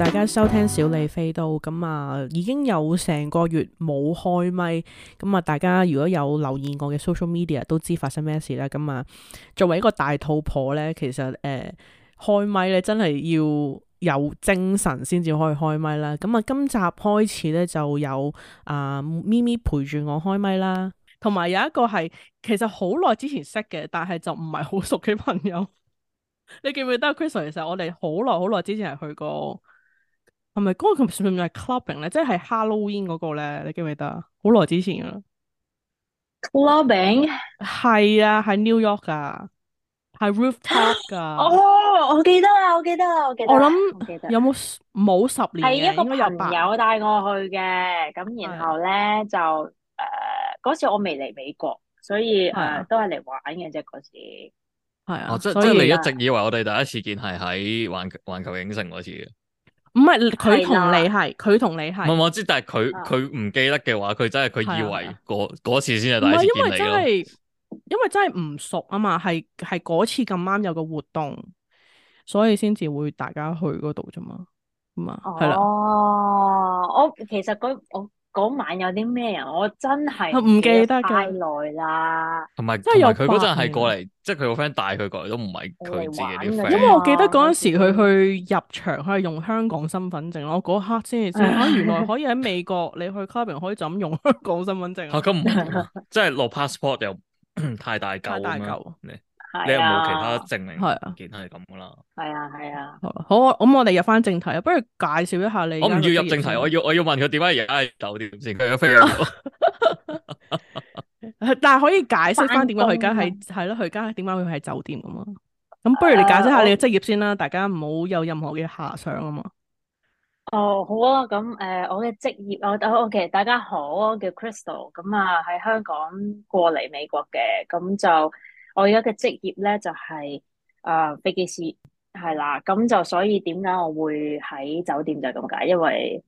大家收聽小李飛刀，咁啊，已經有成個月冇開咪。咁啊！大家如果有留意我嘅 social media，都知發生咩事啦。咁啊，作為一個大肚婆咧，其實誒、呃、開咪咧，真係要有精神先至可以開咪啦。咁啊，今集開始咧就有啊、呃、咪咪陪住我開咪啦，同埋有一個係其實好耐之前識嘅，但係就唔係好熟嘅朋友。 你記唔記得 Crystal？其實我哋好耐好耐之前係去過。係咪嗰個叫咩名？係 Clubbing 咧，即係 Halloween 嗰個咧，你記唔記得？好耐之前啦。Clubbing 係啊，喺 New York 噶，喺 Rooftop 噶。哦，我記得啊，我記得啊，我記得。我諗有冇冇十年嘅，應該有朋友帶我去嘅。咁然後咧就誒，嗰時我未嚟美國，所以誒都係嚟玩嘅啫。嗰時係啊。即即係你一直以為我哋第一次見係喺環球環球影城嗰次唔係佢同你係，佢同的你係。唔，我知，但係佢佢唔記得嘅話，佢真係佢以為嗰的次先係第一次。唔係因為真係因為真係唔熟啊嘛，係，係嗰次咁啱有個活動，所以先至會大家去嗰度啫嘛，咁啊係啦。哦，的我其實、嗰個、我。嗰晚有啲咩啊？我真係唔記得太耐啦。同埋不，同埋佢嗰陣係過嚟，即係佢個 friend 帶佢過嚟，都唔係佢自己啲 friend。因為我記得嗰陣時佢去入場，佢係用香港身份證咯。我嗰刻先至知。原來可以喺美國，你去 Clarin 可以就咁用香港身份證。吓咁唔係，即係落 passport 又太大舊啦。你有冇其他證明？係啊，其他係咁噶啦。係啊，係啊。好，咁我哋入翻正題啊。不如介紹一下你。我唔要入正題，我要我要問佢點解而家喺酒店先，佢都飛咗。但係可以解釋翻點解佢而家喺係咯，佢而家點解會喺酒店咁嘛？咁不如你解釋下你嘅職業先啦，uh, 大家唔好有任何嘅遐想，啊嘛。Uh, 哦，好啊，咁誒，uh, 我嘅職業我我 okay, 大家好，我叫 Crystal，咁啊喺、呃、香港過嚟美國嘅，咁就。我而家嘅職業咧就係誒飛機師係啦，咁就所以點解我會喺酒店就係咁解，因為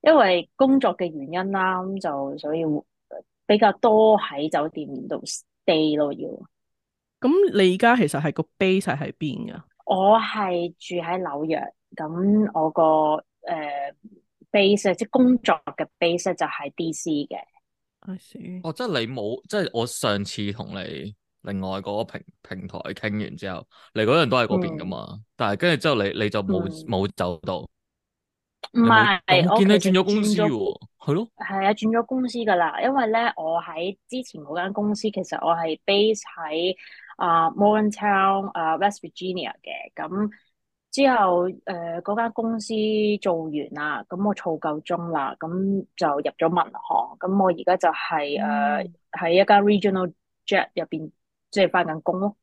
因為工作嘅原因啦，咁就所以比較多喺酒店度 stay 咯。要咁你而家其實係個 base 喺邊噶？我係住喺紐約，咁我個誒 base 即係工作嘅 base 就係 D.C. 嘅。我知、啊、哦，即係你冇即係我上次同你。另外嗰個平平台傾完之後，你嗰人都喺嗰邊噶嘛？嗯、但係跟住之後你，你你就冇冇、嗯、走到，唔係是，見我見你轉咗公司喎、啊，係咯了，係了啊，轉咗公司噶啦。因為咧，我喺之前嗰間公司，其實我係 base 喺啊、呃、Morgantown 啊、呃、West Virginia 嘅。咁之後誒嗰間公司做完啦，咁我儲夠鐘啦，咁就入咗民航。咁我而、就是嗯 uh，家就係誒喺一間 Regional Jet 入邊。即係翻緊工咯，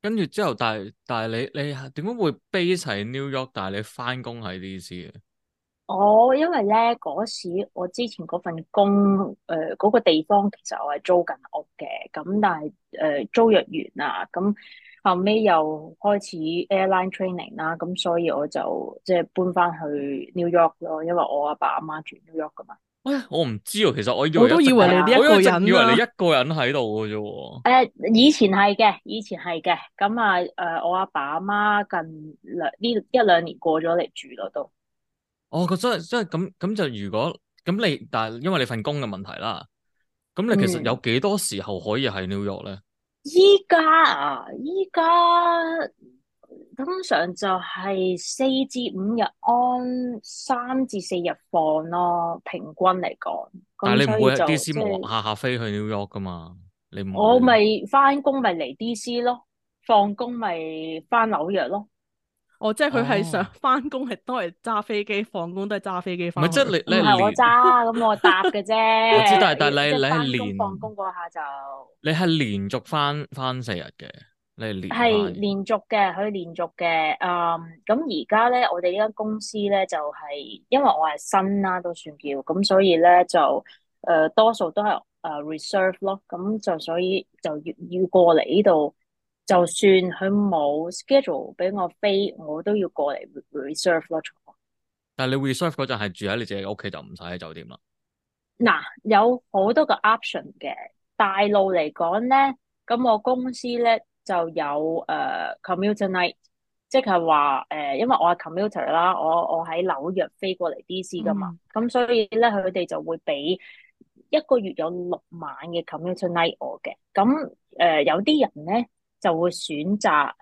跟住之後，但係但係你你點解會 base 喺 New York？但係你翻工喺呢啲嘅？我因為咧嗰時我之前嗰份工誒嗰、呃嗰個地方其實我係租緊屋嘅，咁但係誒、呃、租約完啦，咁後尾又開始 airline training 啦，咁所以我就即係搬翻去 New York 咯，因為我阿爸阿媽住 New York 噶嘛。欸、我唔知啊，其實我以為我都以為你啲一個人、啊，以為，以為你一個人喺度嘅啫。誒、啊，以前係嘅，以前係嘅。咁啊，誒、呃，我阿爸阿媽近兩呢一兩年過咗嚟住咯，都。哦，咁真係真係咁咁就如果咁你，但係因為你份工嘅問題啦，咁你其實有幾多時候可以喺 New York 咧？依家啊，依家。通常就係四至五日安，三至四日放咯，平均嚟講。但係你唔會 D.C. 下下飛去 New York 噶嘛？就是、你唔會？我咪翻工咪嚟 D.C. 咯，放工咪翻紐約咯。我即係佢係想翻工係都係揸飛機，放工都係揸飛機翻。唔係，即係你你係揸，咁我搭嘅啫。我知，但係但係你你係連放工嗰下就。你係連續翻翻四日嘅。係連續嘅，佢係連續嘅。嗯，咁而家咧，我哋呢間公司咧就係、是、因為我係新啦，都算叫。咁所以咧就誒、呃、多數都係誒 reserve 咯。咁就所以就要要過嚟呢度，就算佢冇 schedule 俾我飛，我都要過嚟 reserve 咯。但係你 reserve 嗰陣係住喺你自己屋企就唔使喺酒店啦。嗱，有好多個 option 嘅。大路嚟講咧，咁我公司咧。就有誒 commuter night，即係話誒，因為我係 commuter 啦，我我喺紐約飛過嚟 DC 噶嘛，咁所以咧佢哋就會俾一個月有六晚嘅 commuter night 我嘅，咁誒有啲人咧就會選擇誒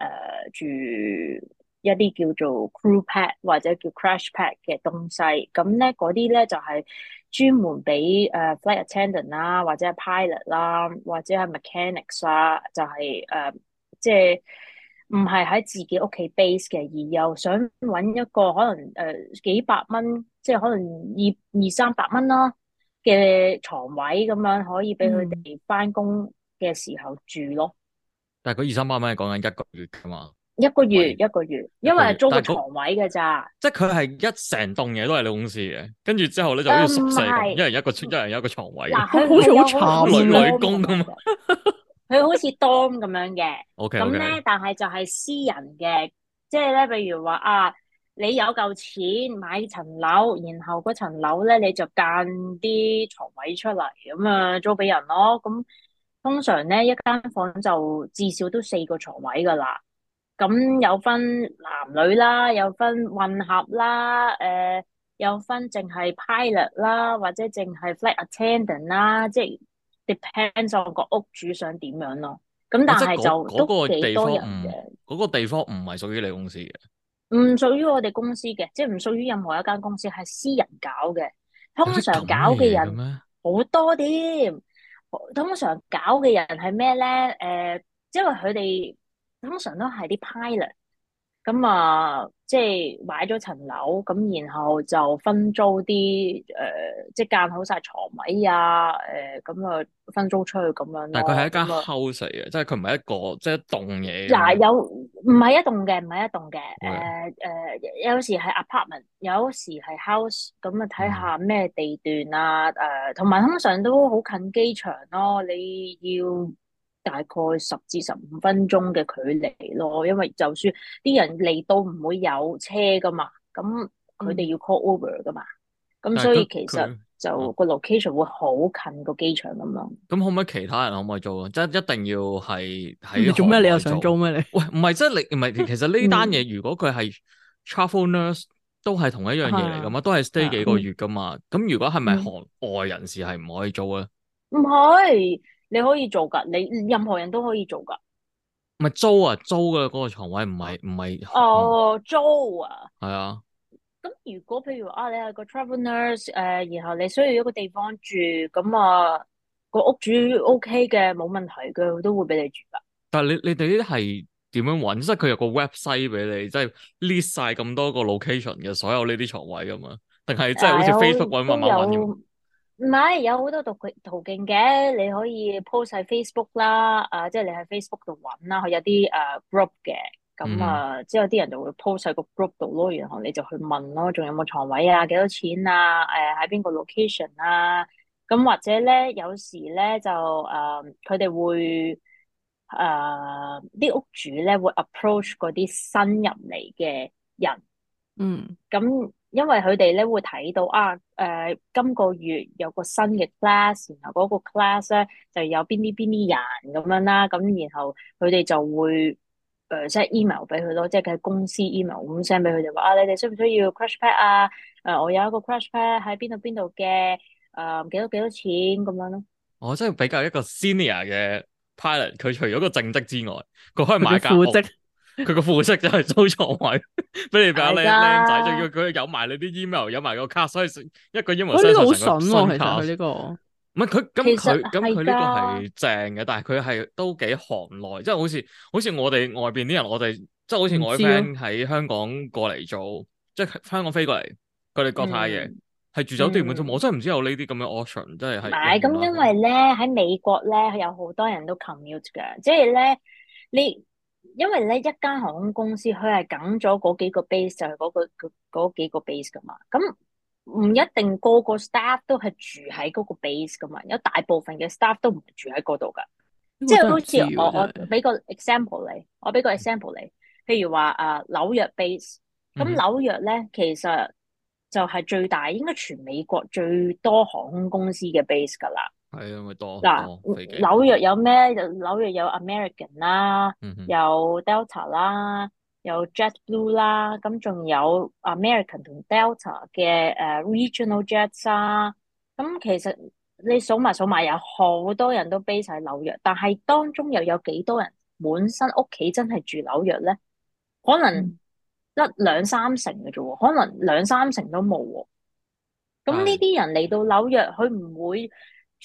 住一啲叫做 crew pad 或者叫 crash pad 嘅東西，咁咧嗰啲咧就係專門俾誒 flight attendant 啦，或者係 pilot 啦，或者係 mechanics 啦，就係誒。即係唔係喺自己屋企 base 嘅，而又想揾一個可能誒、呃、幾百蚊，即係可能二二三百蚊啦嘅床位咁樣，可以俾佢哋翻工嘅時候住咯。嗯、但係佢二三百蚊係講緊一個月噶嘛？一個月一個月，是個月，因為租個床位㗎咋。 即係佢係一成棟嘢都係你公司嘅，跟住之後咧就要宿舍，嗯、一人一個，一人一個床位。好似好慘女女工咁嘛！ 佢好似 dom 嘅，OK。咁咧，但係就係私人嘅，即係咧，譬如話啊，你有嚿錢買層樓，然後嗰層樓咧，你就間啲床位出嚟，咁啊租俾人咯。咁、嗯、通常咧一間房就至少都四個床位噶啦。咁、嗯、有分男女啦，有分混合啦，誒、呃、有分淨係 pilot 啦，或者淨係 flat attendant 啦，即、就、係、是。Depends on to to 個屋主想點樣咯，咁但係就都幾多人嘅。嗰、嗯那個地方唔係屬於你公司嘅，唔屬於我哋公司嘅，即係唔屬於任何一間公司，係私人搞嘅。通常搞嘅人好多啲，通常搞嘅人係咩咧？即、呃、因為佢哋通常都係啲 pilot。咁啊、嗯，即係買咗層樓，咁然後就分租啲誒、呃，即係間好晒床位啊，誒咁啊分租出去咁樣，但係佢係一間 house 嚟嘅，嗯、即係佢唔係一個即係、就是、一棟嘢。嗱、啊，有唔係一棟嘅，唔係一棟嘅，誒誒、嗯呃呃，有時係 apartment，有時係 house，咁啊睇下咩地段啊，誒同埋通常都好近機場咯，你要。大概十至十五分鐘嘅距離咯，因為就算啲人嚟到唔會有車噶嘛，咁佢哋要 call over 噶嘛，咁所以其實就個 location 會好近個機場咁咯。咁、嗯、可唔可以其他人可唔可以租啊？即係一定要係喺做咩？你又想租咩？你喂，唔係即係你唔係其實呢單嘢，如果佢係 travel nurse 都係同一樣嘢嚟噶嘛，嗯、都係 stay 幾個月噶嘛。咁、嗯、如果係咪海外人士係唔可以租咧？唔可以。你可以做噶，你任何人都可以做噶。唔係租啊，租嘅嗰個床位，唔係唔係哦，呃嗯、租啊。係啊。咁如果譬如啊，你係個 travel nurse，誒、呃，然後你需要一個地方住，咁、嗯、啊個屋主 OK 嘅，冇問題嘅，都會俾你住噶。但係你你哋呢啲係點樣揾？即係佢有個 website 俾你，即係 list 晒咁多個 location 嘅所有呢啲床位噶嘛？定係真係好似 Facebook 揾，哎、呦慢慢揾咁也 找？唔係有好多途徑途徑嘅，你可以 post 喺 Facebook 啦，啊、呃、即係你喺 Facebook 度揾啦，佢有啲誒、uh, group 嘅，咁、mm. 啊之後啲人就會 post 喺個 group 度咯，然後你就去問咯，仲有冇床位啊，幾多錢啊，誒喺邊個 location 啊，咁、啊、或者咧有時咧就誒佢哋會誒啲、呃、屋主咧會 approach 嗰啲新入嚟嘅人，mm. 嗯，咁。因為佢哋咧會睇到啊，誒、呃、今個月有個新嘅 class，然後嗰個 class 咧就有邊啲邊啲人咁樣啦，咁然後佢哋就會誒 send email 俾佢咯，即係佢喺公司 email 咁 send 俾佢哋話啊，你哋需唔需要 crash pad 啊？誒，我有一個 crash pad 喺邊度邊度嘅，誒、呃、幾多幾多錢咁樣咯。我真係比較一個 senior 嘅 pilot，佢除咗個正職之外，佢可以買價值。佢個副色就係租牀位俾你比較靚仔，仲要佢有埋你啲 email，有埋個卡，所以一個 email 哦，你好筍喎，其實佢呢個唔係佢咁佢咁佢呢個係正嘅，但係佢係都幾行內，即係好似好似我哋外邊啲人，我哋即係好似我 friend 喺香港過嚟做，即係香港飛過嚟，佢哋國泰嘅係住酒店，本身我真係唔知有呢啲咁嘅 option，真係係。唔係咁，因為咧喺美國咧，有好多人都 commute 㗎，即係咧你。因為咧，一間航空公司佢係梗咗嗰幾個 base 就係嗰、嗰個嗰幾個 base 噶嘛，咁唔一定個個 staff 都係住喺嗰個 base 噶嘛，有大部分嘅 staff 都唔住喺嗰度噶，即係好似我我俾個 example 你，我俾個 example 你 ex ex，譬如話啊紐約 base，咁紐、嗯、約咧其實就係最大，應該全美國最多航空公司嘅 base 噶啦。係啊，咪多嗱！多紐約有咩？紐約有 American 啦、啊嗯哼啊，有 Delta 啦、啊，有 JetBlue 啦，咁仲有 American 同 Delta 嘅誒、uh, Regional Jets 啊。咁其實你數埋數埋，有好多人都 base 喺紐約，但係當中又有幾多人本身屋企真係住紐約咧？可能得兩三成嘅啫喎，可能兩三成都冇喎。咁呢啲人嚟到紐約，佢唔會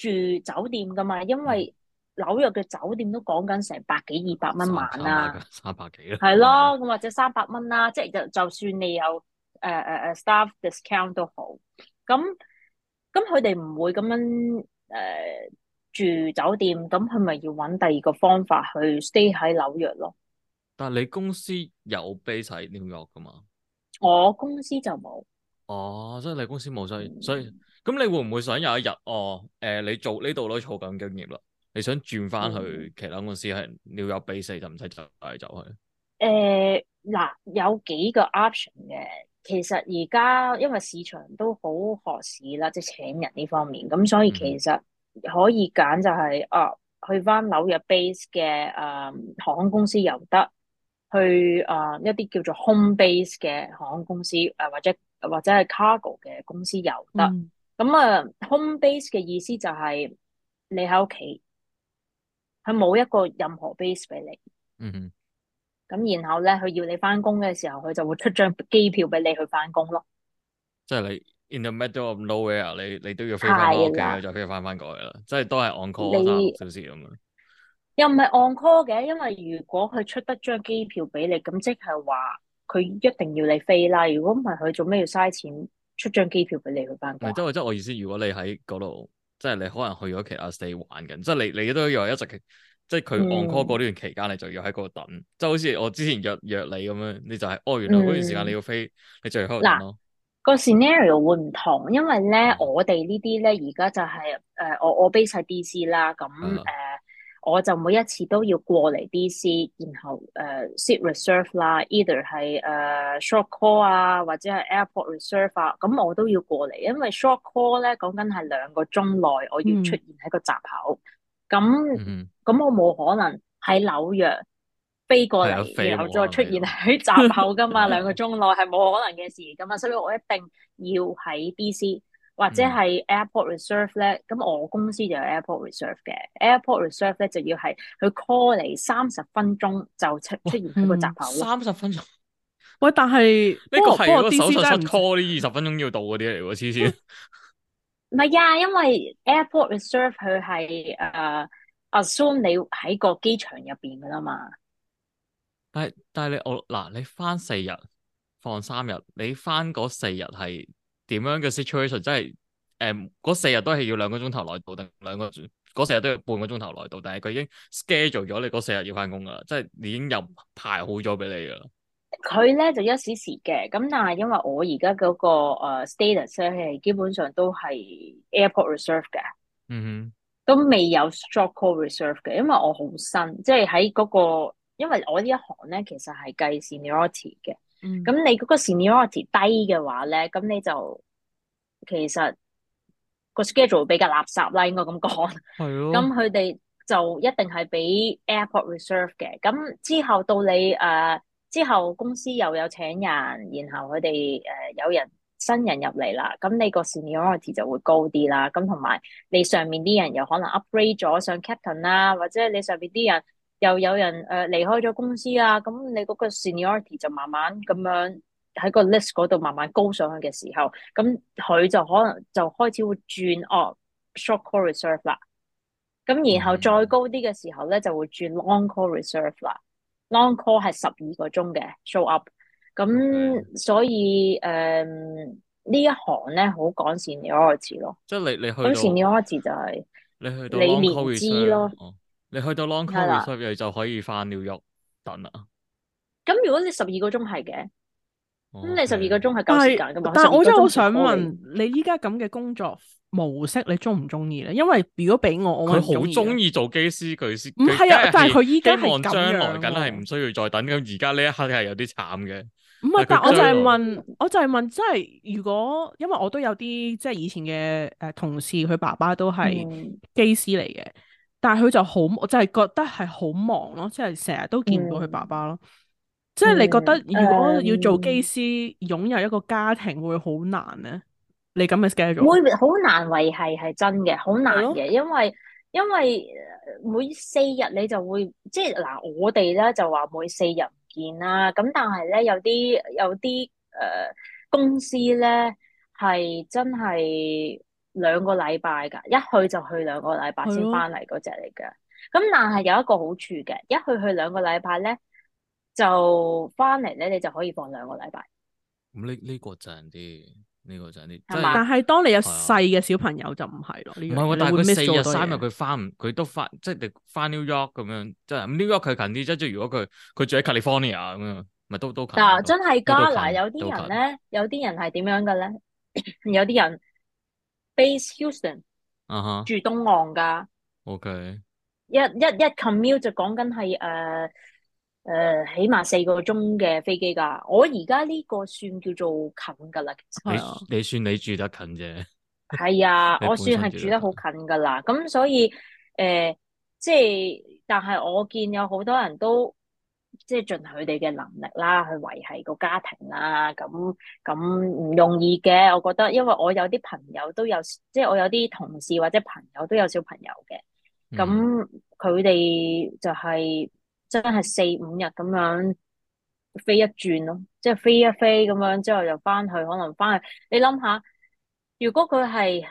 住酒店噶嘛？因為紐約嘅酒店都講緊成百幾二百蚊晚啦，三百幾啦，係咯吧，咁或者三百蚊啦，即係就就算你有誒誒誒 staff discount 都好，咁咁佢哋唔會咁樣誒、uh, 住酒店，咁佢咪要揾第二個方法去 stay 喺紐約咯？但係你公司有 base 喺紐約噶嘛？我公司就冇。哦，即係你公司冇，所以所以。嗯咁你會唔會想有一日哦？誒、呃，你做呢度都做緊經驗啦，你想轉翻去其他公司係紐約 base 就唔使走嚟走去？誒嗱、呃，有幾個 option 嘅。其實而家因為市場都好渴市啦，即、就、係、是、請人呢方面，咁所以其實可以揀就係、是嗯、啊，去翻紐約 base 嘅誒、嗯、航空公司又得，去誒、啊、一啲叫做 home base 嘅航空公司誒、嗯，或者或者係 cargo 嘅公司又得。嗯咁啊，home base 嘅意思就係你喺屋企，佢冇一個任何 base 俾你。嗯嗯哼。咁然後咧，佢要你翻工嘅時候，佢就會出張機票俾你去翻工咯。即係你 in the middle of nowhere，你你都要飛翻屋企，就飛翻翻過去啦。即係都係 on call 啦你，小事咁樣不是咁啊？又唔係 on call 嘅，因為如果佢出得張機票俾你，咁即係話佢一定要你飛啦。如果唔係，佢做咩要嘥錢？出張機票俾你嗰、嗯、班。即係即係我意思，如果你喺嗰度，即係你可能去咗其他 stay 玩緊，即係你你都要係一直，即係佢 oncall 過呢段期間，嗯、你就要喺嗰度等。即係好似我之前約約你咁樣，你就係、是、哦，oh，原來嗰段時間你要飛，嗯、你最後嗱個 scenario 會唔同，因為咧、嗯、我哋呢啲咧而家就係、是、誒，我我 base 喺 DC 啦，咁誒、嗯。啊我就每一次都要過嚟 D.C. 然後誒 seat reserve 啦，Either 係誒、uh, short call 啊，或者係 airport reserve 啊，咁我都要過嚟，因為 short call 咧講緊係兩個鐘內我要出現喺個閘口，咁咁我冇可能喺紐約飛過嚟，嗯、然後再出現喺閘口噶嘛，兩、嗯、個鐘內係冇可能嘅事，咁啊，所以我一定要喺 D.C. 或者係 Airport Reserve 咧，咁我公司就有 Airport Reserve 嘅。嗯、Airport Reserve 咧就要係佢 call 你三十分鐘就出出現嗰個閘口。三十、嗯、分鐘？喂，但係呢個係 call 你二十分鐘要到嗰啲嚟喎，黐線。唔係啊，因為 Airport Reserve 佢係誒 assume 你喺個機場入邊噶啦嘛。但係但係你我嗱，你翻四日放三日，你翻嗰四日係。點樣嘅 situation 真係誒，嗰、嗯、四日都係要兩個鐘頭內到，定兩個嗰四日都要半個鐘頭內到，但係佢已經 schedule 咗你嗰四日要翻工噶，即係已經又排好咗俾你噶。佢咧就一時時嘅，咁但係因為我而家嗰個誒 status 係基本上都係 airport reserve 嘅，嗯哼，都未有 short call reserve 嘅，因為我好新，即係喺嗰個，因為我呢一行咧其實係計 seniority 嘅。咁、嗯、你嗰個 seniority 低嘅話咧，咁你就其實個 schedule 比較垃圾啦，應該咁講。係咯。咁佢哋就一定係俾 airport reserve 嘅。咁之後到你誒、呃、之後公司又有請人，然後佢哋誒有人新人入嚟啦，咁你個 seniority 就會高啲啦。咁同埋你上面啲人有可能 upgrade 咗上 captain 啦，或者你上面啲人，又有人誒、呃、離開咗公司啊，咁你嗰個 seniority 就慢慢咁樣喺個 list 嗰度慢慢高上去嘅時候，咁佢就可能就開始會轉哦 short call reserve 啦。咁然後再高啲嘅時候咧，就會轉 long call reserve 啦。long call 係十二個鐘嘅 show up。咁 Okay. 所以誒呢、嗯、一行咧好講 seniority 咯。即係你你去到 seniority 就係、是、你去到你年資咯。你去到 long call reserve 就可以翻尿的了喐，等啊！咁如果你十二個鐘係嘅，咁 Okay. 你十二個鐘係夠時間噶嘛？但係我真係好想問你依家咁嘅工作模式，你中唔中意咧？因為如果俾我，我係好中意做機師，佢先唔係啊！但係佢依家係將來緊係唔需要再等，咁而家呢一刻係有啲慘嘅。唔係，但我就係問，問，我就係問，即係如果，因為我都有啲即係以前嘅誒同事，佢爸爸都係機師嚟嘅。嗯但係佢就好，我就係、是、覺得係好忙咯，即係成日都見唔到佢爸爸咯。嗯、即係你覺得如果要做機師，嗯、擁有一個家庭會好難咧？你咁嘅 schedule 會好難維繫，係真嘅，好難嘅，的因為因為每四日你就會即係嗱，我哋咧就話每四日唔見啦。咁但係咧有啲有啲誒、呃、公司咧係真係。兩個禮拜㗎，一去就去兩個禮拜先翻嚟嗰隻嚟嘅。咁但係有一個好處嘅，一去去兩個禮拜咧，就翻嚟咧，你就可以放兩個禮拜。咁呢呢個正啲，呢個正啲。但係當你有細嘅小朋友就唔係咯。唔係但係佢四日三日佢翻唔，佢都翻，即係你翻 New York 咁樣，即係 New York 係近啲。即係如果佢佢住喺 California 咁樣，咪都都近。嗱，真係噶嗱，有啲人咧，有啲人係點樣嘅咧？有啲人。Base Houston，uh huh。住東岸噶。O Okay . K，一一一 commute 就講緊係誒誒起碼四個鐘嘅飛機噶。我而家呢個算叫做近噶啦。其實你你算你住得近啫。係啊， 我算係住得好近噶啦。咁所以誒、呃，即係但係我見有好多人都。即係盡佢哋嘅能力啦，去維繫個家庭啦，咁咁唔容易嘅。我覺得，因為我有啲朋友都有，即係我有啲同事或者朋友都有小朋友嘅。咁佢哋就係真係四五日咁樣飛一轉咯，即係飛一飛咁樣之後就翻去，可能翻去，你諗下，如果佢係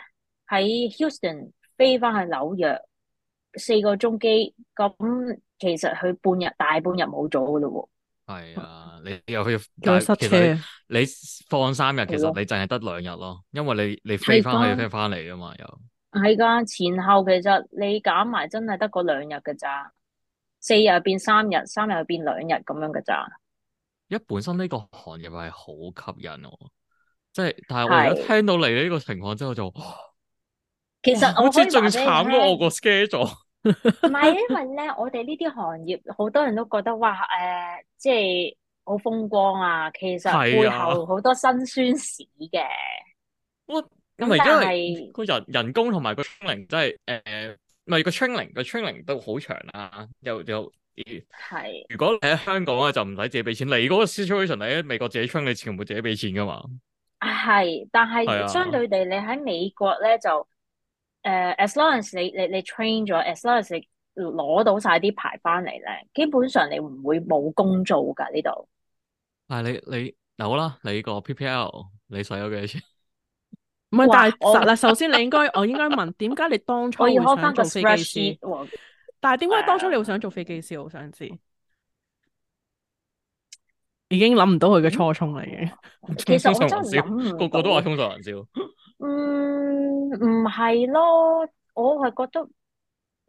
喺 Houston 飛翻去紐約。四個鐘機咁，其實佢半日大半日冇咗噶咯喎。係啊、嗯，你又去又塞車。你放三日，其實你淨係得兩日咯，了因為你你飛翻去過飛翻嚟啊嘛，又係噶前後，其實你減埋真係得嗰兩日嘅咋。四日變三日，三日變兩日咁樣噶咋。一本身呢個行業係好吸引我，即係，但係我而家聽到嚟呢個情況之後就。其實我我好似最慘都我個 schedule，咗。唔係 因為咧，我哋呢啲行業好多人都覺得哇，誒、呃，即係好風光啊。其實背後好多辛酸史嘅。哇、啊，咁咪因為個人人工同埋個 training 真係，誒、呃，唔係個 training 個 training 都好長啊。又又，係。是如果你喺香港咧就唔使自己俾錢，你嗰個 situation 喺美國自己 train 你全部自己俾錢噶嘛。係，但係相對地，你喺美國咧就。誒、uh,，as long as 你你你 train 咗，as long as 你攞到晒啲牌翻嚟咧，基本上你唔會冇工做噶呢度。哇 但係你你好啦，你個 PPL 你使咗幾多錢？唔係，但係嗱，首先 你應該我應該問，點解你當初, 你當初想做飛機師？ 但係點解當初你會想做飛機師？我想知，uh, 已經諗唔到佢嘅初衷嚟嘅。 其實我真係個個都話通作人笑。 嗯，唔係咯，我係覺得，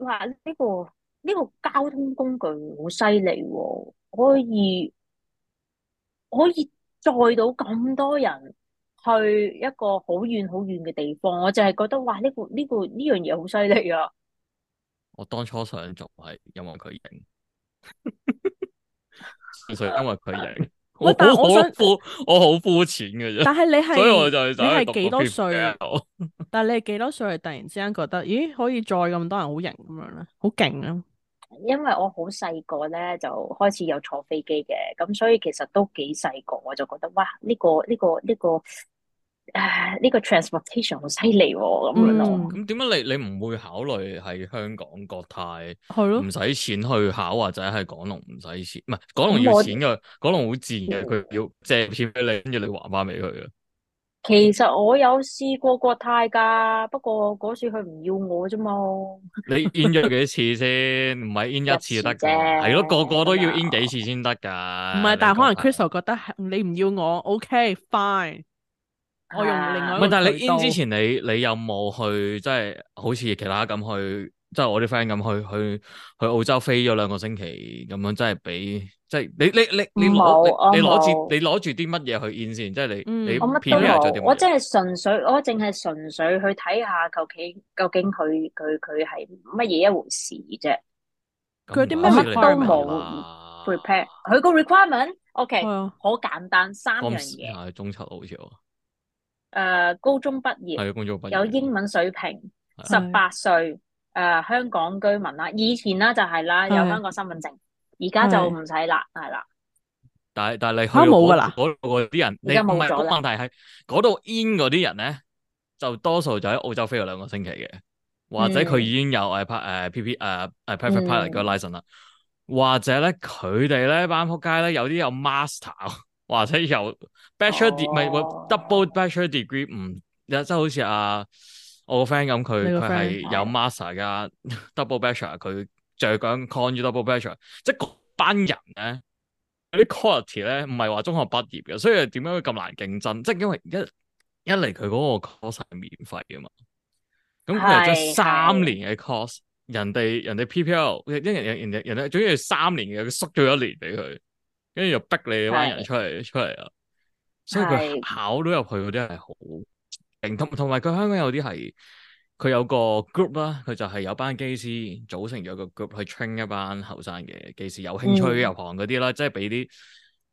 哇，呢個呢個交通工具好犀利喎，可以可以載到咁多人去一個好遠好遠嘅地方，我淨係覺得，哇，呢個呢個呢樣嘢好犀利啊！我當初想做係因為佢影，其實 因為佢贏。但我好辛苦，我好膚淺嘅啫。啊、但係你係，啊，所以我就係就係讀個編但係你係幾多歲？啊？突然之間覺得，咦，可以載咁多人好型咁樣咧，好勁啊！因為我好細個咧，就開始有坐飛機嘅，咁所以其實都幾細個，我就覺得哇！呢個呢個呢個。這個這個誒，呢、啊這個 transportation 好犀利咁、嗯、樣咁點解你你唔會考慮喺香港國泰，係咯？唔使的錢去考或者係港龍唔使錢，唔係港龍要錢嘅，港龍好賤嘅，佢要借票俾你，跟住你還翻俾佢嘅。嗯、其實我有試過國泰噶，不過嗰次佢唔要我啫嘛。你 in 咗幾次先？唔係 in 一次就得嘅，係咯、嗯，個個都要 in 幾次先得噶。唔係，但係可能 Crystal 覺得你唔要我，OK，fine。Okay, fine。我用另外。唔係，但係你之前你，你你有冇去即係好似其他咁去，即係我啲 friend 咁去去去澳洲飛咗兩個星期咁樣，即係比即係你你你沒你攞你攞住你攞住啲乜嘢去 in 先？即係你你 p r e 我真係純粹，我淨係純粹去睇下求其究竟佢佢佢係乜嘢一回事啫。佢啲乜都冇 prepare，、啊、佢個 requirement OK、嗯、好簡單，三樣中秋好似誒，高中畢業係，高中畢業有英文水平，十八歲，誒，香港居民啦。以前啦就係啦，有香港身份證，而家就唔使啦，係啦。但係但係去冇個嗰個啲人，你唔係問題係嗰度 in 嗰啲人咧，就多數就喺澳洲飛咗兩個星期嘅，或者佢已經有 I P 誒 P P 誒誒 Private Pilot 嘅 license 啦，或者咧佢哋咧班仆街咧有啲有 Master。或者有 bachelor degree 唔係 Double Bachelor degree 唔，即係好似阿我個 friend 咁，佢佢係有 master 噶，double bachelor，佢就係講 con double bachelor，即係嗰班人咧，嗰啲 quality 咧唔係話中學畢業嘅，所以點解會咁難競爭？即係因為一一嚟佢嗰個 course 係免費嘅嘛，咁佢又做三年嘅 course，人哋人哋 PPL，一人人人哋總要三年嘅，佢縮咗一年俾佢。跟住又逼你班人出嚟是出嚟啊！所以佢考到入是去嗰啲係好勁，同同埋佢香港有啲係，佢有個 group 啦，佢就係有班機師組成咗個 group 去 train 一班後生嘅機師有興趣入行嗰啲啦，嗯、即係俾啲誒、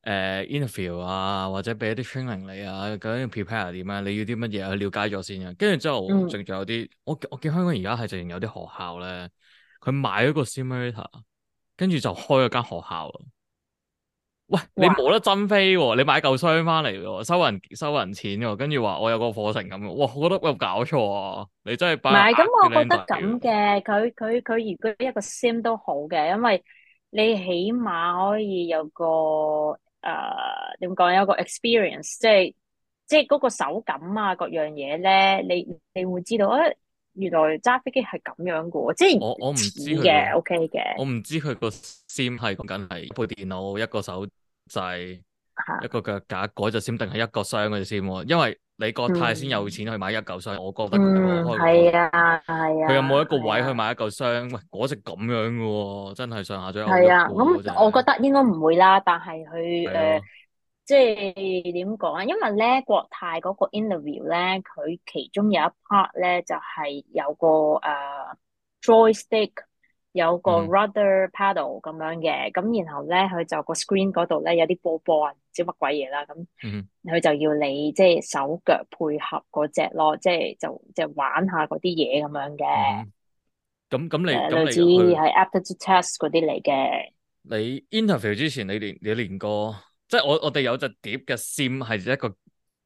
呃、interview 啊，或者俾一啲 training 你啊，究竟 prepare 點啊？你要啲乜嘢去了解咗先啊？跟住之後仲仲有啲，我我見香港而家係直情有啲學校咧，佢買咗個 simulator，跟住就開咗間學校。喂，你冇得真飛喎，你買嚿箱翻嚟喎，收人收人錢喎，跟住話我有個課程咁，哇，我覺得我有搞錯啊，你真係唔係咁，我覺得咁嘅，佢佢佢如果一個 sim 都好嘅，因為你起碼可以有個誒點講，有個 experience，即係即係嗰個手感啊，各樣嘢咧，你你會知道啊。原來揸飛機係咁樣嘅，即係我我唔知嘅，OK 嘅。我唔知佢個 SIM 係講緊係一部電腦、一個手掣，啊、一個腳架嗰隻、那個、SIM 定係一個箱嘅 SIM 喎。因為你國泰先有錢去買一嚿箱，我覺得開。嗯，係啊，係啊。佢有冇一個位去買一嚿箱？啊啊、喂，嗰隻咁樣嘅喎，真係上下張係啊。咁我覺得應該唔會啦，但係佢誒。即係點講啊？因為咧國泰嗰個 interview 咧，佢其中有一 part 咧，就係、是、有個誒、uh, joystick，有個 rudder d paddle 咁樣嘅。咁、嗯、然後咧，佢就個 screen 嗰度咧有啲波波啊，唔知乜鬼嘢啦。咁、嗯、佢、嗯、就要你即係手腳配合嗰隻咯，即係就即係玩下嗰啲嘢咁樣嘅。咁咁、嗯、你，、呃、你類似係 after to test 嗰啲嚟嘅。你 interview 之前，你練你練過？即係我我哋有隻碟嘅線係一個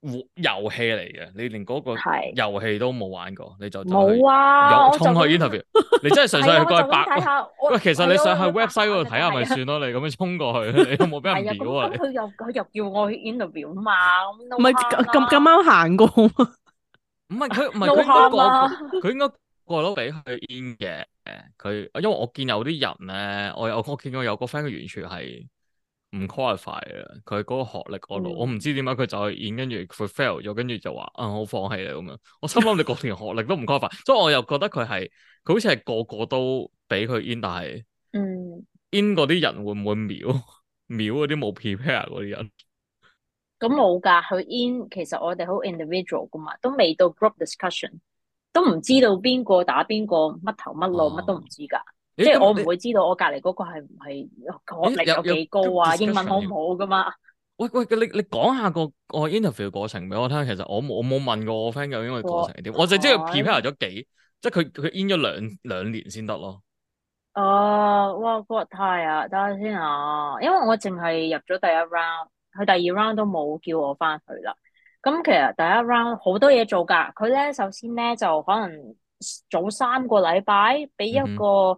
遊戲嚟嘅，你連嗰個遊戲都冇玩過，你就冇啊！又衝去 interview，你真係純粹係過嚟白喂。其實你上去 website 嗰度睇下咪算咯，你咁樣衝過去，你有冇俾人騙過啊？佢又佢又叫我去 interview 啊嘛，唔係咁咁啱行過。唔係佢唔係嗰嗰個，佢應該過到俾佢 in 嘅。誒，佢因為我見有啲人咧，我有我見我有個 friend 佢完全係。唔 qualify 啊！佢嗰個學歷、嗯、我我唔知點解佢就去 in 跟住 fail 咗，跟住就話啊我放棄啦咁樣。我心諗你個條學歷都唔 qualify，所以我又覺得佢係佢好似係個個都俾佢 in，但係嗯 in 嗰啲人會唔會秒秒嗰啲冇 prepare 嗰啲人？咁冇㗎，佢 in 其實我哋好 individual 㗎嘛，都未到 group discussion，都唔知道邊個打邊個，乜頭乜路乜都唔知㗎。嗯嗯嗯即係我唔會知道我隔籬嗰個係唔係學歷有幾高啊，英文好唔好噶、啊、嘛？喂喂，你你講下個個 interview 嘅過程俾我睇下，其實我我冇問過我 friend 究竟個過程係點，哇我就知道 prepare 咗幾，啊、即係佢佢 in 咗兩兩年先得咯。哦、啊，哇國泰啊？等下先啊，因為我淨係入咗第一 round，佢第二 round 都冇叫我翻去啦。咁其實第一 round 好多嘢做噶，佢咧首先咧就可能早三個禮拜俾一個。嗯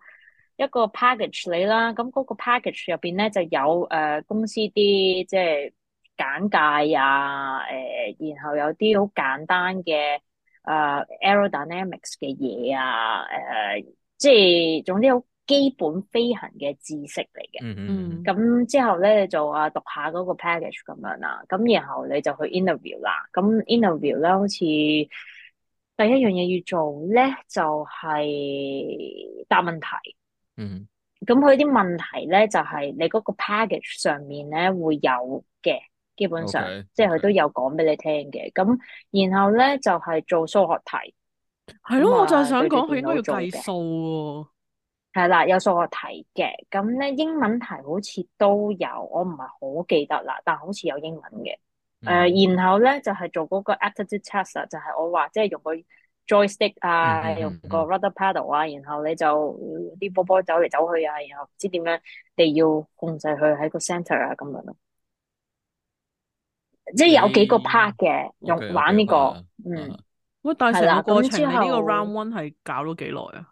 一個 package 你啦，咁嗰個 package 入邊咧就有誒、呃、公司啲即係簡介啊，誒、呃，然後有啲好簡單嘅啊、呃、aerodynamics 嘅嘢啊，誒、呃，即係總之好基本飛行嘅知識嚟嘅。Mm hmm. 嗯咁之後咧你就啊讀下嗰個 package 咁樣啦，咁然後你就去 interview 啦，咁 interview 咧好似第一樣嘢要做咧就係、是、答問題。嗯，咁佢啲問題咧就係、是、你嗰個 package 上面咧會有嘅，基本上 okay, 即係佢都有講俾你聽嘅。咁對然後咧就係、是、做數學題，係咯、嗯，我就係想講佢應該要計數喎。係啦，有數學題嘅，咁咧英文題好似都有，我唔係好記得啦，但係好似有英文嘅。誒，然後咧就係、是、做嗰個 aptitude test 就係我話即係用佢。joystick 啊，用個 rudder paddle 啊、mm，hmm。然後你就啲波波走嚟走去啊，然後唔知點樣，你要控制佢喺個 center 啊，咁樣咯。即係有幾個 part 嘅，Yeah. 用 Okay. 玩呢、呢個，Okay. 嗯。哇，但係成個過程呢、嗯、個 round one 係搞咗幾耐啊？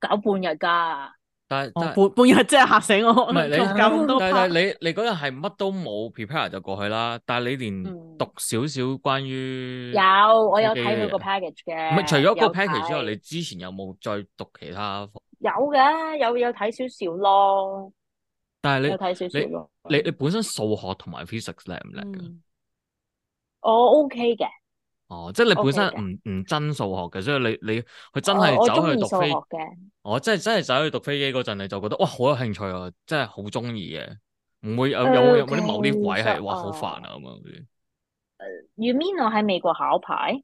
搞半日㗎。但係半、哦、半日真係嚇死我，唔係你，但係你你嗰日係乜都冇 prepare 就過去啦。但係你連讀少少，少關於有，我有睇佢個 package 嘅。唔係除咗個 package 之外，的你之前有冇再讀其他？有嘅，有有睇少少咯。但係你有睇少少咯。你你，你本身數學同埋 physics 叻唔叻㗎？嗯？我 OK 嘅。哦，即係你本身唔唔真數學嘅，所以你你佢真係走去讀飛機嘅。哦，即係真係走去讀飛機嗰陣，你就覺得哇好有興趣啊，真係好中意嘅，唔會有有冇啲某啲位係哇好煩啊咁啊啲。誒，你 mean 我喺美國考牌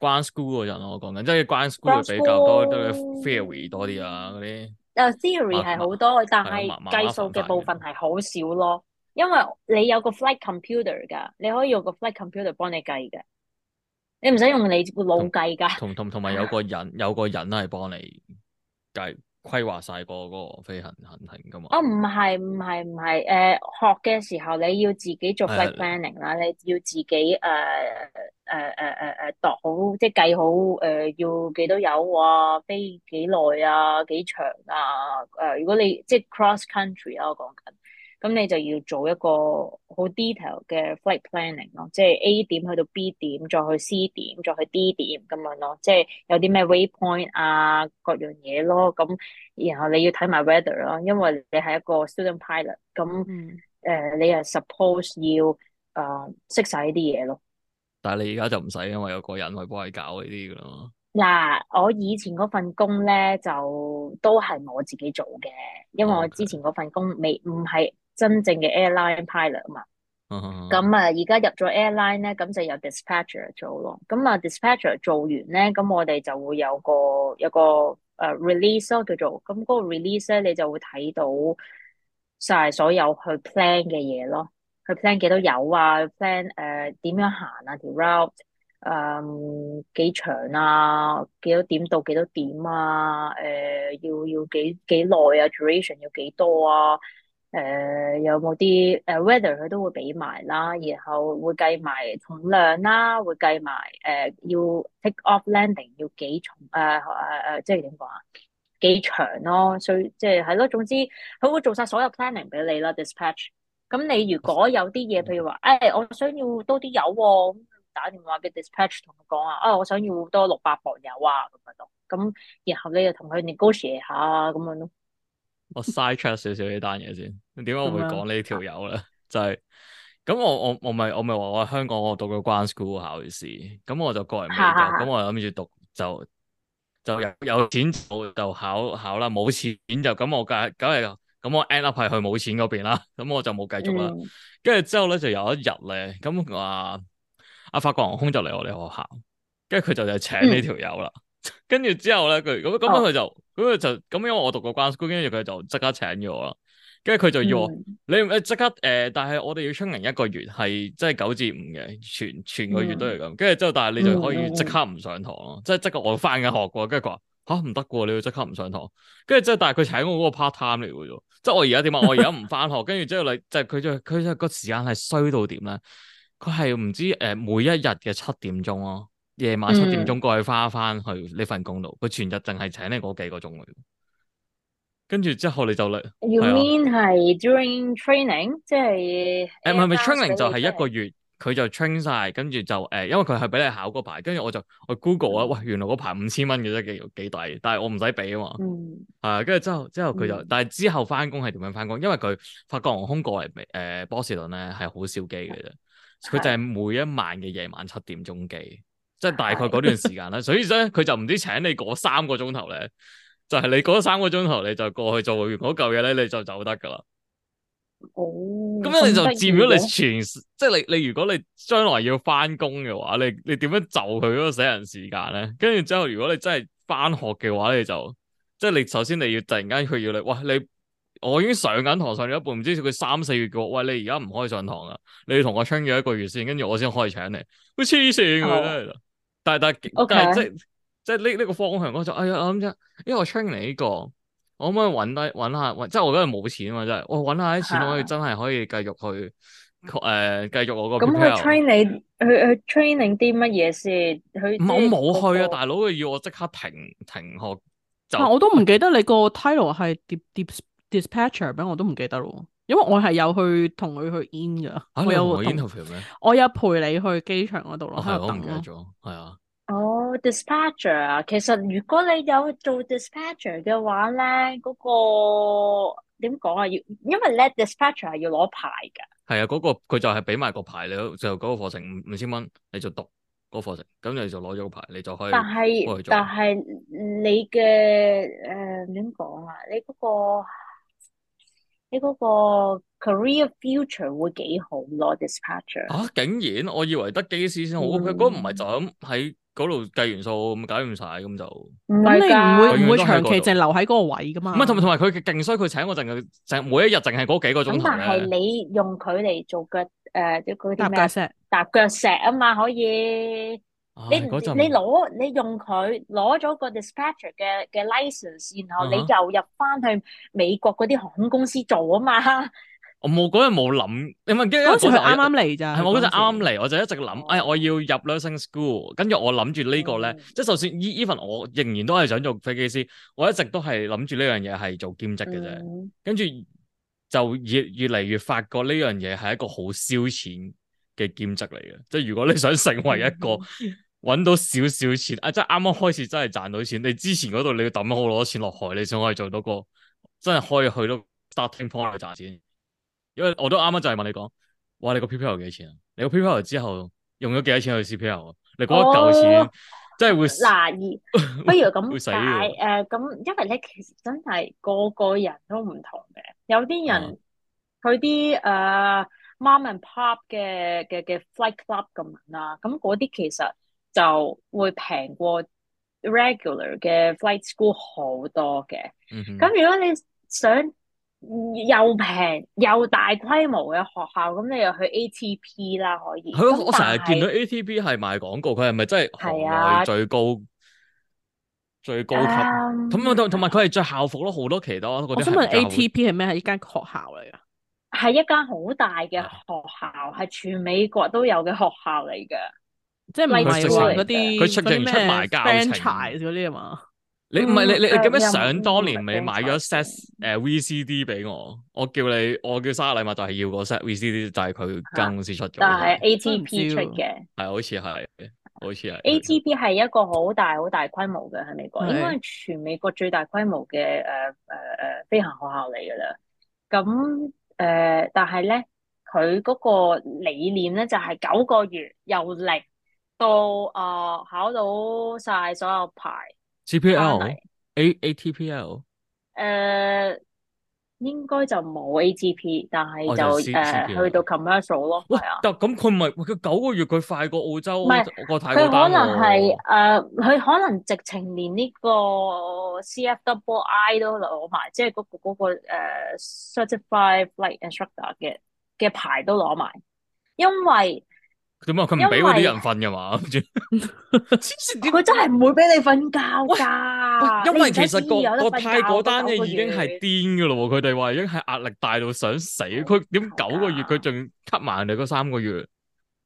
grad school 嗰陣咯，我講緊即係 grad school 會比較多對 theory 多啲啊嗰啲。誒，theory 係好多，但係計數嘅部分係好少咯，因為你有個 flight computer 噶，你可以用個 flight computer 幫你計嘅。你唔使用你老計㗎，同同同埋有個人 有個人咧係幫你計規劃晒嗰嗰個飛行行程㗎嘛？哦，唔係唔係唔係，誒、呃、學嘅時候你要自己做 flight planning 啦的，你要自己誒誒誒誒誒度好，即係計好誒、呃、要幾多油啊，飛幾耐啊，幾長啊？誒、呃，如果你即係 cross country 啊，我講緊。咁你就要做一個好 detail 嘅 flight planning 咯，即係 A 點去到 B 點，再去 C 點，再去 D 點咁樣咯，即係有啲咩 waypoint 啊，各樣嘢咯，咁然後你要睇埋 weather 咯，因為你係一個 student pilot，咁、嗯、誒、嗯呃、你係 suppose 要誒、呃、識晒呢啲嘢咯。但係你而家就唔使，因為有個人去幫你搞呢啲噶啦。嗱，我以前嗰份工咧就都係我自己做嘅，因為我之前嗰份工未唔係。真正嘅 airline pilot 啊嘛，咁、嗯嗯、啊而家入咗 airline 咧，咁就有 dispatcher 做咯。咁啊 dispatcher 做完咧，咁我哋就會有個有個誒 release 咯，叫做咁嗰、那個 release 咧，你就會睇到晒所有去 plan 嘅嘢咯。去 plan 幾多油啊？plan 誒、uh, 點樣行啊？條 route 誒、嗯、幾長啊？幾多點到幾多點啊？誒、呃、要要幾幾耐啊？duration 要幾多啊？誒、呃、有冇啲誒 weather 佢都會俾埋啦，然後會計埋重量啦，會計埋誒、呃、要 take off landing 要幾重誒誒誒，即係點講啊？幾長咯，所以即係係咯。總之佢會做晒所有 planning 俾你啦，dispatch。咁你如果有啲嘢，譬如話誒、哎，我想要多啲油喎、哦，咁打電話俾 dispatch 同佢講啊，啊、哦、我想要多六百磅油啊咁樣，咁然後你又同佢 negotiate 下咁樣咯。我嘥 check 少少呢單嘢先些些，點解我會講呢條友咧？就係、是、咁，我我我咪我咪話我香港我讀過關 school 考試，咁我就個人未讀，咁我諗住讀就就有有錢就考考啦，冇錢就咁我梗係咁我 end up 係去冇錢嗰邊啦，咁我就冇繼續啦。跟住、嗯、之後咧就有一日咧，咁話阿法國航空就嚟我哋學校，跟住佢就就請呢條友啦。跟住之後咧，佢咁咁佢就咁就咁，oh. 因為我讀過 ground school 跟住佢就即刻請咗我啦。跟住佢就要我，mm hmm. 你即刻誒、呃，但係我哋要出營一個月係即係九至五嘅，全全個月都係咁。跟住之後，但係你就可以刻、mm hmm. 即刻唔上堂咯，即係即刻我翻緊學嘅。跟住佢話吓唔得嘅，你要即刻唔上堂。跟住之後、就是，但係佢請我嗰個 part time 嚟嘅啫，即係我而家點啊？我而家唔翻學。跟住之後你即係佢就佢、是、就個時間係衰到點咧？佢係唔知誒、呃，每一日嘅七點鐘咯、啊。夜晚七點鐘過去花翻去呢份工度，佢全日淨係請你嗰幾個鐘，嚟，跟住之後你就嚟。You mean 係 during training？即係誒，唔係唔係 training 就係一個月，佢就 train 晒。跟住就誒，因為佢係俾你考個牌，跟住我就我 Google 啊，喂，原來嗰牌五千蚊嘅啫，幾幾抵，但係我唔使俾啊嘛。嗯，啊，跟住之後之後佢就，但係之後翻工係點樣翻工？因為佢法國航空過嚟誒波士頓咧係好少機嘅啫，佢就係每一晚嘅夜晚七點鐘機。即係大概嗰段時間啦， 所以咧佢就唔知請你嗰三個鐘頭咧，就係、是、你嗰三個鐘頭，你就過去做完嗰嚿嘢咧，你就走得噶啦。哦，咁樣你就佔咗你全即係你你，你如果你將來要返工嘅話，你你點樣就佢嗰個死人時間咧？跟住之後，如果你真係返學嘅話你就即係你首先你要突然間佢要你喂你，我已經上緊堂上咗一半，唔知佢三四月過，喂你而家唔可以上堂啊，你要同我衝咗一個月先，跟住我先可以請你，好黐線佢真係。但係但係即係 Okay. 即係呢呢個方向，我就哎呀我諗住，因為我 training 呢、這個，我可唔可以搵低，搵下？即係我而家冇錢啊，真係我搵下啲錢，可以真係可以繼續去誒，繼、呃、續我個咁佢 training 佢佢 training 啲乜嘢先？佢冇冇去啊？那個、大佬佢要我即刻停停學就、啊、我都唔記得你個 title 係 de dispatcher 咩？我都唔記得咯。因為我係有去同佢去 in 噶，啊、有我有同我有陪你去機場嗰度咯，係、哦、我唔記得咗，係啊。哦、oh,，dispatcher 啊，其實如果你有做 dispatcher 嘅話咧，嗰、那個點講啊？要因為咧 dispatcher 係要攞牌噶。係啊，嗰、那個佢就係俾埋個牌你就嗰個課程五千蚊，你就讀嗰個課程，咁你就攞咗個牌，你就可以但。但係但係你嘅誒點講啊？你嗰、那個。你嗰個 career future 會幾好咯 dispatcher 竟然我以為得機師先好，佢嗰唔係就咁喺嗰度計元素咁解唔晒。咁就咁你唔會唔會長期凈係留喺嗰個位噶嘛？唔係同埋同埋佢勁衰，佢請我淨係淨係每一日淨係嗰幾個鐘頭。但係你用佢嚟做腳誒啲嗰啲咩？搭腳石，搭腳石啊嘛，可以。哎、你、那個、你攞你用佢攞咗個 dispatcher 嘅嘅 license，然後你又入翻去美國嗰啲航空公司做啊嘛？我冇嗰日冇諗，你問跟住啱啱嚟咋？係時我陣啱啱嚟，我就一直諗，oh. 哎，我要入 nursing school，跟住我諗住呢個咧，mm. 即係就算 Even，我仍然都係想做飛機師，我一直都係諗住呢樣嘢係做兼職嘅啫，跟住、mm. 就越越嚟越發覺呢樣嘢係一個好燒錢嘅兼職嚟嘅，即係如果你想成為一個。Mm. 揾到少少錢啊！即係啱啱開始真係賺到錢。你之前嗰度你要抌好攞錢落去，你想可以做到個真係可以去到 Starting point 去賺錢。因為我都啱啱就係問你講，哇！你個 PPL 幾多錢啊？你個 PPL 之後用咗幾多錢去 CPL、哦、啊？你嗰一嚿錢真係會嗱， 不如咁解誒？咁 的、呃、因為咧，其實真係個個人都唔同嘅，有啲人佢啲誒 mom and pop 嘅嘅嘅 fly club 咁啦，咁嗰啲其實。就會平過 regular 嘅 flight school 好多嘅，咁、嗯、哼如果你想又平又大規模嘅學校，咁你又去 ATP 啦，可以。我成日見到 ATP 係賣廣告，佢係咪真係係啊最高啊最高級？咁同埋佢係着校服咯，好多期都。我想問 ATP 係咩？係一間學校嚟噶？係一間好大嘅學校，係、嗯、全美國都有嘅學校嚟噶。即係唔係佢嗰啲，佢出定唔出埋教程嗰啲啊嘛？你唔係你你咁樣想？嗯、當年你買咗 set 誒 VCD 俾我，我叫你我叫生日禮物，就係要個 set VCD，就係佢間公司出咗，但係 ATP 出嘅，係好似係，好似係 ATP 係一個好大好大規模嘅喺美國，應該係全美國最大規模嘅誒誒誒飛行學校嚟㗎啦。咁誒、呃，但係咧，佢嗰個理念咧就係九個月又力。到啊，考到晒所有牌。GPL，A ATPL。誒 AT、呃，應該就冇 ATP，但係就誒去到 commercial 咯。係哇啊，咁佢唔係佢九個月佢快過澳洲是，唔係佢可能係誒，佢、呃、可能直情連呢個 CFII 都攞埋，即係嗰、嗰個嗰、嗰個嗰個呃、certified flight instructor 嘅嘅牌都攞埋，因為。點解？佢唔俾嗰啲人瞓噶嘛？佢 真係唔會俾你瞓覺噶。因為其實、那個個派嗰單嘢已經係癲噶咯，佢哋話已經係壓力大到想死。佢點九個月佢仲吸埋人哋嗰三個月。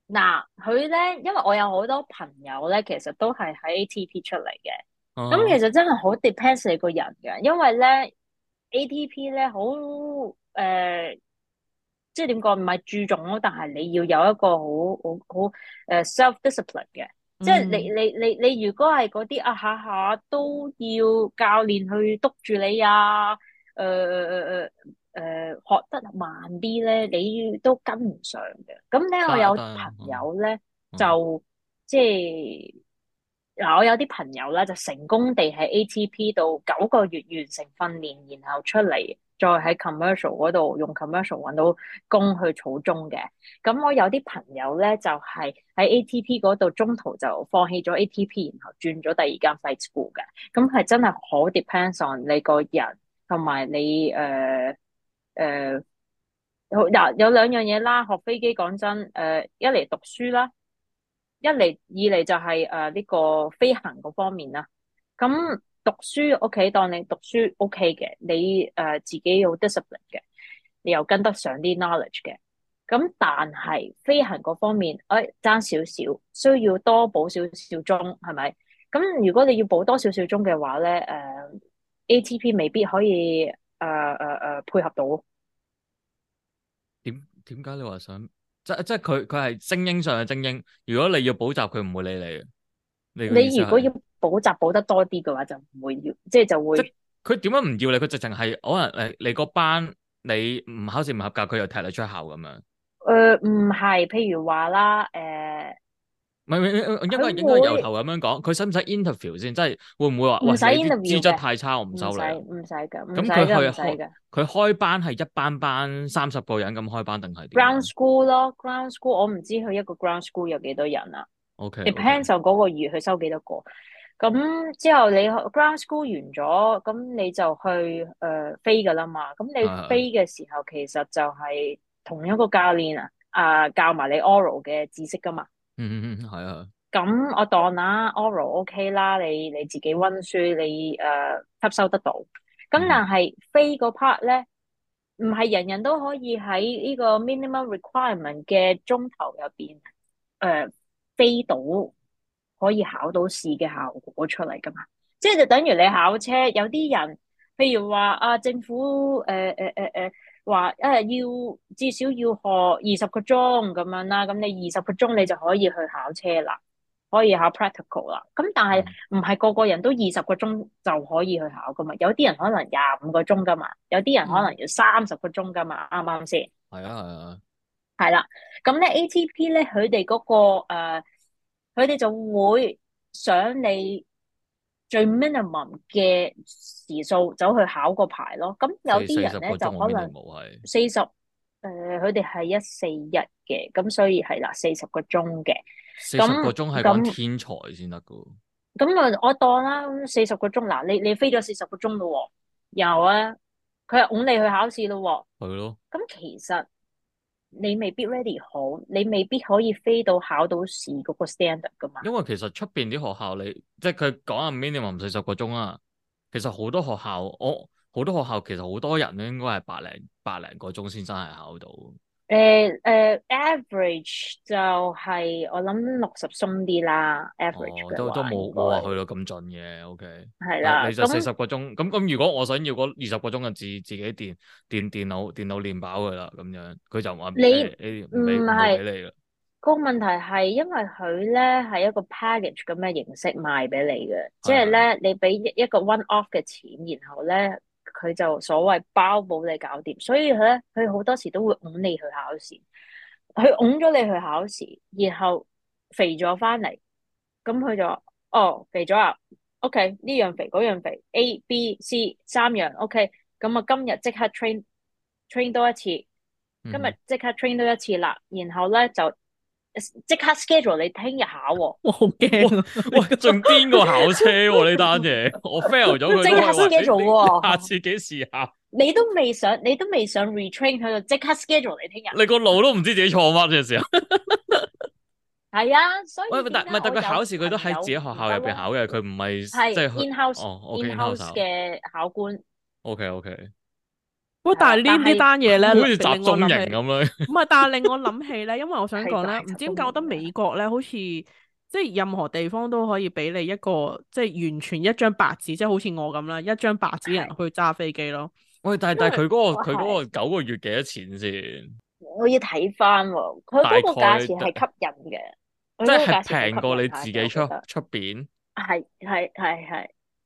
嗱，佢咧、啊，因為我有好多朋友咧，其實都係喺 ATP 出嚟嘅。咁、啊、其實真係好 depends 你個人嘅，因為咧 ATP 咧好誒。即係點講？唔係注重咯，但係你要有一個好、好、好誒 self discipline 嘅。Dis 嗯、即係你、你、你、你，如果係嗰啲啊下下都要教練去督住你啊，誒誒誒誒誒，學得慢啲咧，你都跟唔上嘅。咁咧，我有朋友咧，嗯嗯嗯、就即係。嗱，我有啲朋友咧就成功地喺 ATP 度九個月完成訓練，然後出嚟再喺 commercial 嗰度用 commercial 揾到工去儲鐘嘅。咁我有啲朋友咧就係、是、喺 ATP 嗰度中途就放棄咗 ATP，然後轉咗第二間 flight school 嘅。咁係真係好 depends on 你個人同埋你誒誒、呃呃、有嗱有兩樣嘢啦，學飛機講真誒、呃，一嚟讀書啦。一嚟二嚟就係誒呢個飛行嗰方面啦。咁、嗯、讀書 OK，當你讀書 OK 嘅，你誒、呃、自己有 discipline 嘅，你又跟得上啲 knowledge 嘅。咁、嗯、但係飛行嗰方面，誒爭少少，需要多補少少鐘係咪？咁、嗯、如果你要補多少少鐘嘅話咧，誒、呃、ATP 未必可以誒誒誒配合到。點點解你話想？.即即係佢佢係精英上嘅精英，如果你要補習，佢唔會理你嘅。你，你如果要補習補得多啲嘅話，就唔會要，即係就會。佢點樣唔要你？佢直情係可能你個班你班你唔考試唔合格，佢又踢你出校咁樣。誒、呃，唔係，譬如話啦，誒、呃。唔係，因為應該由頭咁樣講，佢使唔使會 interview 先？即係會唔會話，唔使 interview？資質太差，我唔收你。唔使唔使噶，咁佢去佢開班係一班班三十個人咁開班定係點？Ground school 咯，Ground school，我唔知佢一個 Ground school 有幾多人啦、啊。OK，depend 上嗰個月佢收幾多個。咁之後你 Ground school 完咗，咁你就去誒、呃、飛噶啦嘛。咁你飛嘅時候其實就係同一個教練啊、呃，教埋你 oral 嘅知識噶嘛。嗯嗯 嗯，係啊。咁 我當啦、啊、，oral OK 啦，你你自己溫書，你誒、呃、吸收得到。咁但係飛個 part 咧，唔係人人都可以喺呢個 minimum requirement 嘅鐘頭入邊誒飛到可以考到試嘅效果出嚟噶嘛？即係就等於你考車，有啲人譬如話啊，政府誒誒誒誒。呃呃呃呃話誒要至少要學二十個鐘咁樣啦，咁你二十個鐘你就可以去考車啦，可以考 practical 啦。咁但係唔係個個人都二十個鐘就可以去考噶嘛？有啲人可能廿五個鐘噶嘛，有啲人可能要三十個鐘噶嘛，啱啱先？係啊係啊，係啦、啊，咁咧 ATP 咧佢哋嗰個佢哋、呃、就會想你。最 minimum 嘅時數走去考個牌咯，咁有啲人咧就可能四十、呃，誒佢哋係一四一嘅，咁所以係啦四十個鐘嘅，四十個鐘係講天才先得噶。咁啊那那，我當啦，四十個鐘嗱，你你飛咗四十個鐘咯，有啊，佢係拱你去考試咯，係咯的，咁其實。你未必 ready 好，你未必可以飛到考到試嗰個 standard 噶嘛？因為其實出邊啲學校你即係佢講啊，minimum 四十個鐘啊，其實好多學校我好多學校其實好多人咧，應該係百零百零個鐘先真係考到。誒誒、uh, uh, average 就係、是、我諗六十鬆啲啦，average 嘅話、哦、都都冇哇、哦，去到咁盡嘅，OK。係啦的。其實四十個鐘，咁咁那如果我想要嗰二十個鐘嘅自自己電電電腦電腦練飽佢啦，咁樣佢就話唔俾你，唔係、欸。你是你個問題係因為佢咧係一個 package 咁嘅形式賣俾你嘅，即係咧你俾一個 one off 嘅錢，然後咧。 佢就所謂包保你搞掂，所以咧佢好多時都會拱你去考試，佢拱咗你去考試，然後肥咗翻嚟，咁佢就哦肥咗啊，OK 呢樣肥嗰樣肥 A、B、C 三樣 OK，咁啊今日即刻 train train 多一次，今日即刻 train 多一次啦，嗯、然後咧就。即刻 schedule 你聽日考喎，我好驚咯，仲癲過考車呢單嘢，我 fail 咗，即刻 schedule 喎，下次幾時考？你都未想，你都未想 retrain 佢就即刻 schedule 你聽日，你個腦都唔知自己錯乜嘅時候，係啊，所以喂，但係但佢考試佢都喺自己學校入邊考嘅，佢唔係即係 in house 哦，in house 嘅考官，ok ok。喂，但係呢啲單嘢咧，好似集中營咁啦。唔係，但係令我諗起咧，因為我想講咧，唔 的知點解我覺得美國咧，好似即係任何地方都可以俾你一個即係完全一張白紙，即係好似我咁啦，一張白紙人去揸飛機咯。喂，但係但係佢嗰個佢嗰的個九個月幾多錢先？我要睇翻喎，佢嗰個價錢係吸引嘅，即係平過你自己出出邊面。係係係係。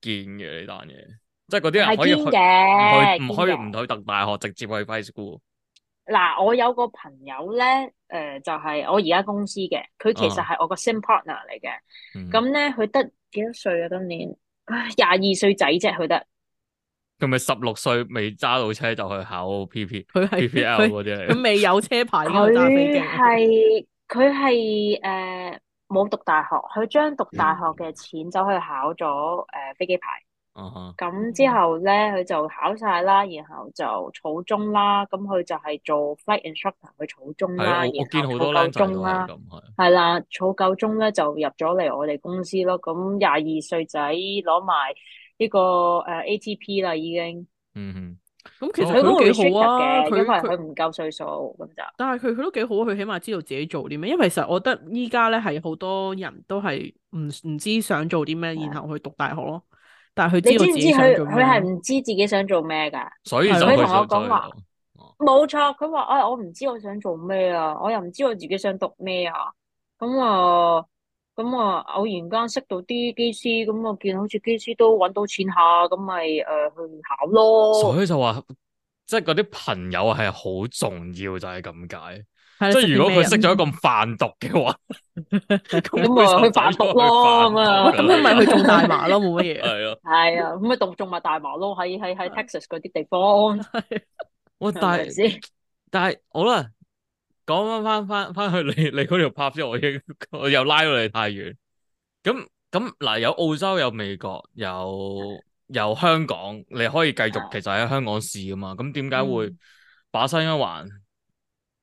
見嘅呢單嘢，即係嗰啲人可以去，唔可以唔可讀大學直接去飛 school。嗱，我有個朋友咧，誒、呃，就係、是、我而家公司嘅，佢其實係我個新 partner 嚟嘅。咁咧，佢得幾多歲啊？今年廿二歲仔啫，佢得。佢咪十六歲未揸到車就去考 P P，佢係 P P L 嗰啲，佢未有車牌。佢係佢係誒。冇讀大學，佢將讀大學嘅錢走去考咗誒、呃、飛機牌。咁、uh huh. 之後咧，佢就考晒啦，然後就儲鐘啦。咁佢就係做 flight instructor 去儲鐘啦，然後考夠鐘啦。係啦，儲夠鐘咧就入咗嚟我哋公司咯。咁廿二歲仔攞埋呢個誒 ATP 啦，已經。嗯哼。 咁其實佢都幾好啊，佢佢唔夠歲數咁就，但係佢佢都幾好，佢起碼知道自己做啲咩，因為其實我覺得依家咧係好多人都係唔唔知想做啲咩，然後去讀大學咯。但係佢，知唔知佢佢係唔知自己想做咩噶？所以就佢同 我講話，冇錯，佢話啊，我唔知我想做咩啊，我又唔知我自己想讀咩啊，咁啊。呃咁啊、嗯，偶然間識到啲機師，咁我見好似機師都揾到錢下，咁咪誒去考咯。所以就話，即係嗰啲朋友係好重要就，就係咁解。即係如果佢識咗一個販毒嘅話，咁 咪去販毒咯。咁樣咪去種大麻咯，冇乜嘢。係 啊。係啊，咁咪種種埋大麻咯，喺喺喺 Texas 嗰啲地方。我但係，但係 好啦。講翻翻翻翻去你你嗰條 path 之後，我已經我又拉到你太遠。咁咁嗱，有澳洲，有美國，有有香港，你可以繼續其實喺香港試㗎嘛。咁點解會把心一橫、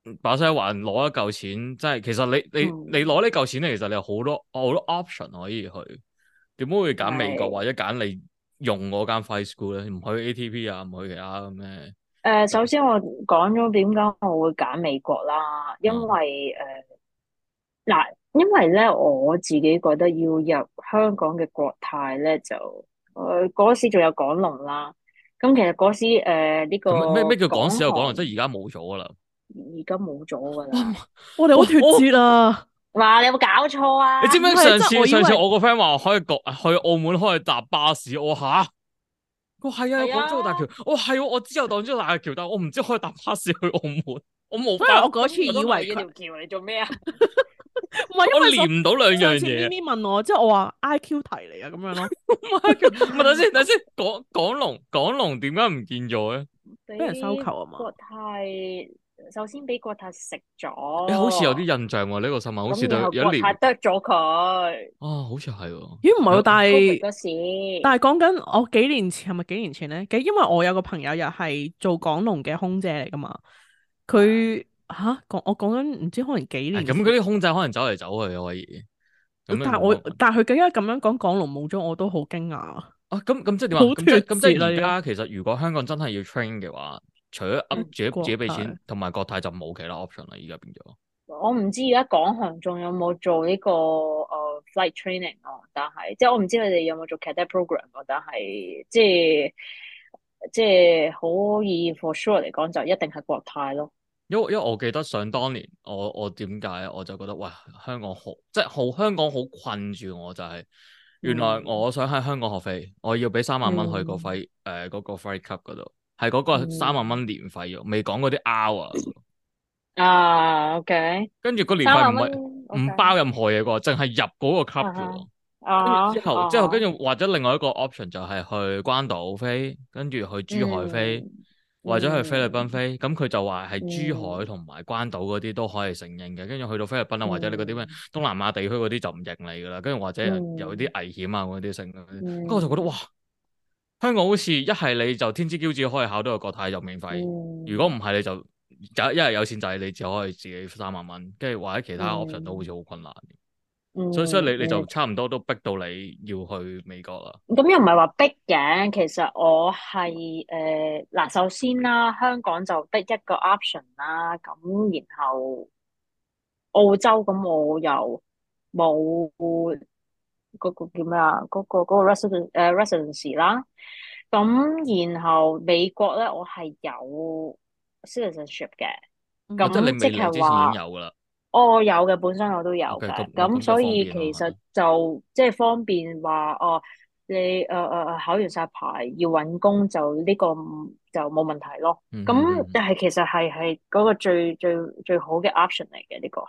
嗯、把心一橫攞一嚿錢？即係其實你你你攞呢嚿錢咧，其實你有好多好多 option 可以去。點解會揀美國對或者揀你用嗰間 flight school 咧？唔去 ATP 啊，唔去其他咁咩？誒、呃，首先我講咗點解我會揀美國啦，因為誒嗱、嗯呃，因為咧我自己覺得要入香港嘅國泰咧就誒嗰、呃、時仲有港龍啦，咁其實嗰時誒呢、呃這個咩咩叫港市有港龍，即係而家冇咗噶啦，而家冇咗噶啦，我哋好脫節啦，話你有冇搞錯啊？你知唔知上次上次我個 friend 話去國去澳門可以搭巴士，我、啊、吓。我係、哦、啊，港珠澳大橋、哦啊，我係我知有港珠澳大橋，但係我唔知可以搭巴士去澳門，我冇辦法。所以我嗰次以為呢條橋嚟做咩啊？唔係，我連唔到兩樣嘢。咪，咪問我，即係我話 I Q 題嚟啊，咁樣咯。唔係 等先，等先，港港龍港龍點解唔見咗咧？俾人收購啊嘛？國泰。首先俾國泰食咗，你，欸，好似有啲印象喎呢，這個新聞，好似都有一年，得咗佢哦，好似係喎。咦，欸，唔係喎，但係嗰時，但係講緊我幾年前，係咪幾年前咧？咁因為我有個朋友又係做港龍嘅空姐嚟噶嘛，佢吓講我講緊唔知可能幾年。咁嗰啲空姐可能走嚟走去可以。咁但係我，但係佢咁樣咁樣講港龍冇咗，我都好驚訝。啊，咁咁即係點啊？即係咁即係而家，其實如果香港真係要 train 嘅話。除咗自己自己俾錢，同埋國泰，國泰就冇其他 option 啦。而家變咗，我唔知而家港航仲有冇做呢、這個誒、uh, flight training 咯、啊？但係即係我唔知你哋有冇做 cadet program、啊、但係即係即係可以 for sure 嚟講，就一定係國泰咯。因為因為我記得想當年我我點解我就覺得哇香港好即係好香港好困住我，就是，就係原來我想喺香港學飛，嗯、我要俾三萬蚊去嗰飛誒嗰個 flight club 嗰度，係嗰個三萬蚊年費喎，未講嗰啲 hour 啊。o、okay, k 跟住個年費唔係唔包任何嘢噶，淨係入嗰個 club 啫。哦、uh。Huh. 跟之後、uh huh. 之後跟住或者另外一個 option 就係去關島飛，跟住去珠海飛，嗯、或者去菲律賓飛。咁佢、嗯、就話係珠海同埋關島嗰啲都可以承認嘅。跟住去到菲律賓啊，嗯、或者你嗰啲咩東南亞地區嗰啲就唔認你噶啦。跟住或者有啲危險啊嗰啲性，咁、嗯、我就覺得哇。香港好似一係你就天之驕子可以考到個國泰入免費，um、如果唔係你就一一係有錢仔、就是、你只可以自己三萬蚊，跟住或者其他 option 都好似好困難，um、所以所以你你就差唔多都逼到你要去美國啦。咁、嗯嗯嗯、又唔係話逼嘅，其實我係誒嗱，首先啦、啊，香港就得一個 option 啦，咁然後澳洲咁我又冇。嗰個叫咩啊？嗰、那個嗰、那個、那個、residence 誒、呃、residency 啦，咁然後美國咧我係有 citizenship 嘅，咁、嗯、即係話哦我有嘅，本身我都有嘅，咁、okay，那個、所以其實就即係、就是、方便話哦你誒誒、呃、考完晒牌要搵工就呢、這個就冇問題咯，咁但係、嗯嗯嗯、其實係係嗰個最最最，最好嘅 option 嚟嘅呢個係。